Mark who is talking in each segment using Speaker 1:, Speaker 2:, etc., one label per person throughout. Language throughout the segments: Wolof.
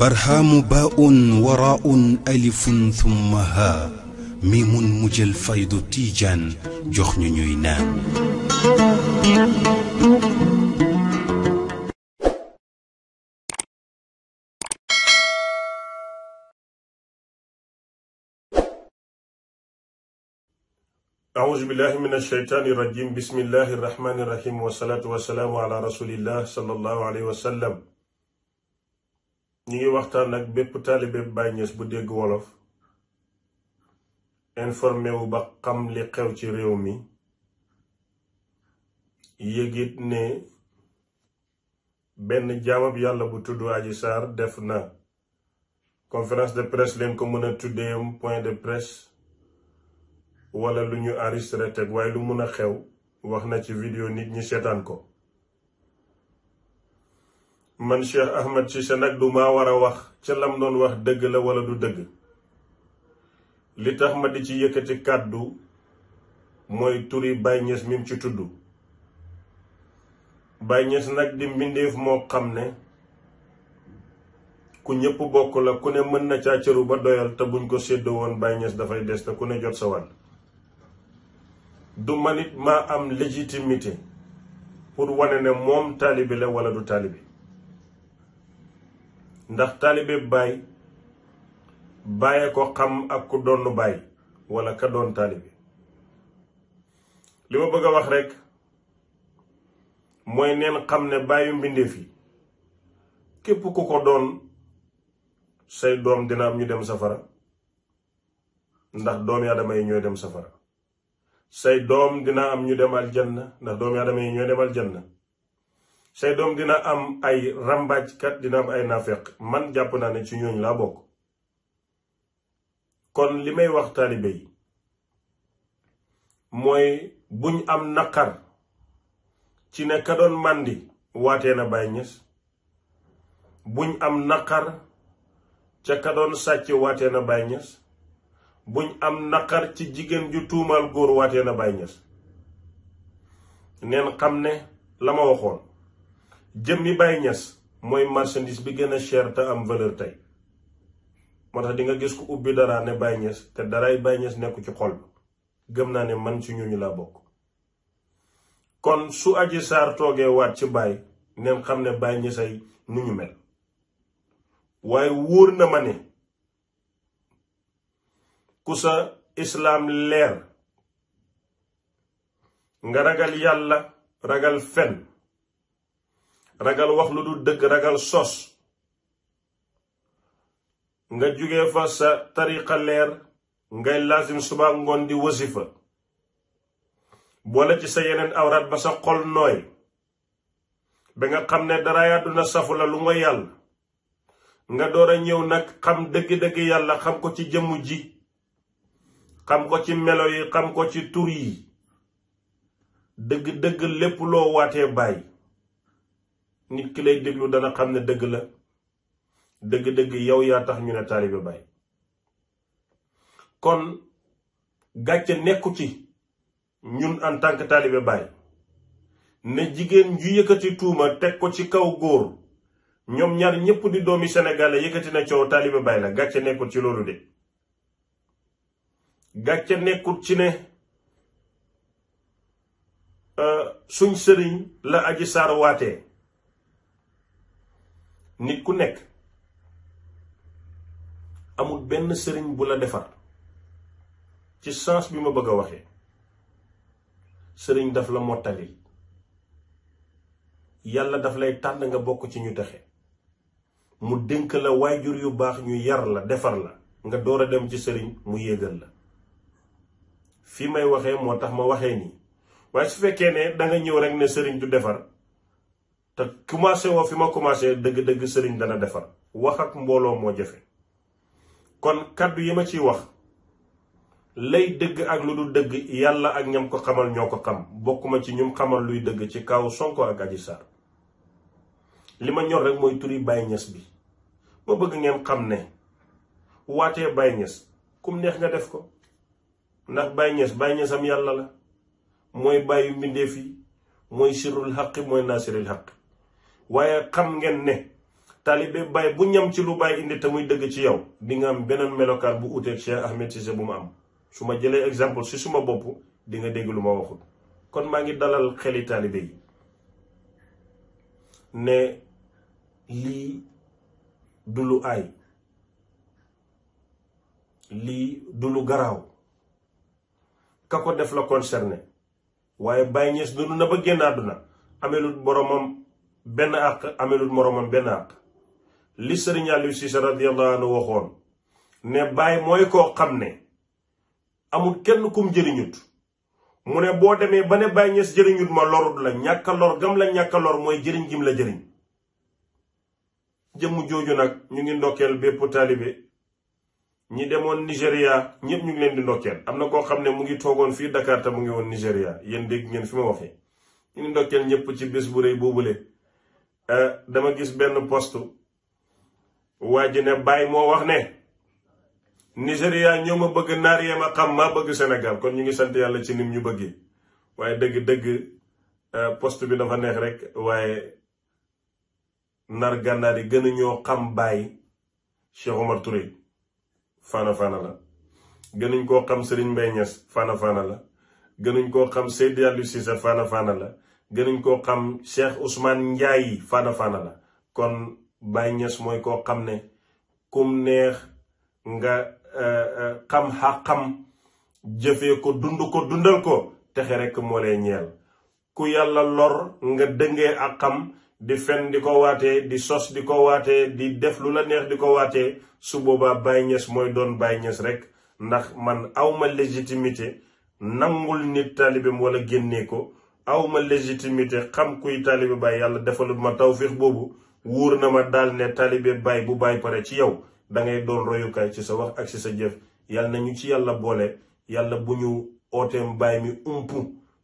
Speaker 1: برهام باء وراء ألف ثم ها ميم مجل فيض تيجان جخن نينان أعوذ بالله من الشيطان الرجيم بسم الله الرحمن الرحيم والصلاة والسلام على رسول الله صلى الله عليه وسلم ñu ngi waxtaan ak bépp taalibe Baay Ñas bu dégg wolof informé wu ba xam li xew ci réew mi yëgit ne benn jaamab yàlla bu tudd Adji Sarr def na conférence de presse leen ko mën a tuddee point de presse wala lu ñu enregistré waaye lu mën a xew wax na ci vidéo nit ñi seetaan ko man Cheikh Ahmed Cissé nag du maa war a wax ca lam doon wax dëgg la wala du dëgg li tax ma di ci yëkkati kàddu mooy turi Baye Niass mi mu ci tudd Baye Niass nag di mbindeef moo xam ne ku ñëpp bokk la ku ne mën na caa cëru ba doyal te buñ ko sedd woon Baye Niass dafay des te ku ne jot sa wàll du man it maa am légitimité pour wane ne moom taalibi la wala du taalibi ndax taalibe baay bàyyee ko xam ak ku doon baay wala ka doon taalibe li ma bëgg a wax rekk mooy neen xam ne bàyyu mbindeef yi képp ku ko doon say doom dina am ñu dem safara ndax doomi aadama yi ñooy dem safara say doom dina am ñu dem aljanna ndax doomi aadama yi ñooy dem aljanna say doom dina am ay ràmbaajkat dina am ay nafeq man jàpp naa ne ci ñooñ laa bokk kon li may wax taalibe yi mooy buñ am naqar ci ne ka doon màndi waatee na Baay Ñas buñ am naqar ca sàcc waatee na buñ am naqar ci jigéen ju tuumaal góor waatee na Baay Ñas neen xam ne lama waxoon jëmmi yi Niass mooy marchandise bi gën a cher te am valeur tey moo tax dinga gis ku ubbi dara ne Baye te daraay Baye Niass nekku ci xol gëm naa ne man ci ñooñu laa bokk kon su Adji Sarr toogee waat ci Baye neen xam ne Baye Niass ay nu ñu mel waaye wóor na ma ne ku sa islaam leer nga ragal yàlla ragal fen ragal wax lu dul dëgg ragal sos nga jóge fa sa tariqa leer ngay lazim suba ngoon di wasifa boole ci sa yeneen awraat ba sa xol nooy ba nga xam ne dara yaa duna safu la lu ma yàlla nga door a ñëw nag xam dëgg-dëgg yàlla xam ko ci jëmm ji xam ko ci melo yi xam ko ci tur yi dëgg-dëgg lépp loo waatee bàyyi nit ki lay déglu dana xam ne dëgg la dëgg-dëgg yow yaa tax ñu ne taalibe Baay kon gàcce nekku ci ñun en tant que Baay ne jigéen ju yëkkati tuuma teg ko ci kaw góor ñoom ñaar ñépp di doomi Sénégal yëkkati na coow taalibe Baay la gàcce nekkul ci loolu de gàcce nekkul ci ne euh, suñ sëriñ la aji saar nit ku nekk amul benn sëriñ bu la defar ci sens bi ma bëgg a waxee sëriñ daf la mottali yàlla daf lay tànn nga bokk ci ñu texe mu dénk la waajur yu baax ñu yar la defar la nga door a dem ci sëriñ mu yéegal la fii may waxee moo tax ma waxee nii waaye su fekkee ne danga ñëw rek ne sëriñ du defar te commencé woo fi ma commencé dëgg-dëgg sëriñ dana defar wax ak mbooloo moo jafe kon kàddu yi ma ci wax lay dëgg ak lu dul dëgg yàlla ak ñam ko xamal ñoo ko xam bokkuma ci ñum xamal luy dëgg ci kaw Sonko ak Adji Sarr li ma ñor rek mooy turi bàyyi Niass bi moo bëgg ngeen xam ne waatee Baye Niass kum neex nga def ko ndax Baye Niass Baye Niass am yàlla la mooy bàyyi mbindeef yi mooy sirrul xaqi mooy naasiril xaq waaye xam ngeen ne taalibe bàyyi bu ñam ci lu baay indi te muy dëgg ci yow dinga am beneen melokaan bu uteeg Cheikh Ahmed Cissé bu ma am su ma jëlee exemple si suma bopp di nga dégg lu ma waxul kon maa ngi dalal xeli taalibe yi ne lii du lu aay lii du lu garaaw ka ko def la concerné waaye Baye Niass dund na ba génn àdduna amelut boromam benn àq amelul moroomam benn àq li sëriñ Aliou Cissé radiyallahu anhu waxoon ne bàyyi mooy koo xam ne amul kenn kum jëriñut mu ne boo demee ba ne bàyyi ñes jëriñut ma lorut la ñàkka lor gam la ñàkka lor mooy jëriñ gim la jëriñ jëm jooju nag ñu ngi ndokkeel bépp taalibe ñi demoon Nigéria ñëpp ñu ngi leen di ndokkeel am na koo xam ne mu ngi toogoon fii Dakar te mu ngi woon Nigéria yéen dégg ngeen fi ma waxee ñu ngi ndokkeel ñëpp ci bés bu rëy boobule Eh, dama gis benn poste waa ji ne Baye moo wax ne Nigéria ñoo ma bëgg naar yee ma xam maa bëgg Sénégal kon ñu ngi sant yàlla ci nim ñu bëggee waaye dëgg dëgg eh, poste bi dafa neex rek waaye nar gànnaar yi gën a ñoo xam Baye Cheikh Omar Touré fana la gënuñ koo xam Serigne Mbaye Niass fana fana la gënuñ koo xam Seydi Aliou la gënuñ koo xam Cheikh Ousmane Ndiaye fana fana la kon bay Niass mooy koo xam ne kum neex nga euh, euh, xam xàqam jëfee ko dund ko dundal ko texe rek moo lay ñeel ku yàlla lor nga dëngee ak xam di fen di ko waatee di sos di ko waatee di def lu la neex di ko waatee su boobaa Baye Niass mooy doon Baye Niass rek ndax man awma légitimité nangul nit taalibeem wala génnee ko awma légitimité xam kuy taalibe Baay yàlla defalul ma tawféex boobu wuur na ma daal ne taalibe Baay bu Baay pare ci yow da ngay doon royukaay ci sa wax ak si sa jëf yàlla na ñu ci yàlla boole yàlla bu ñu ooteem Baay mi ump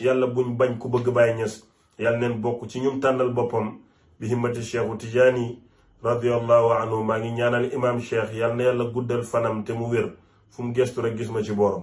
Speaker 1: yàlla buñ bañ ku bëgg Baay Ñas yàlla neen bokk ci ñum tànnal boppam bi himmati Cheikhu Tijaani radiyallahu anhu maa ngi ñaanal imaam Cheikh yàlla na yàlla guddal fanam te mu wér fu mu gestu rek gis ma ci boorom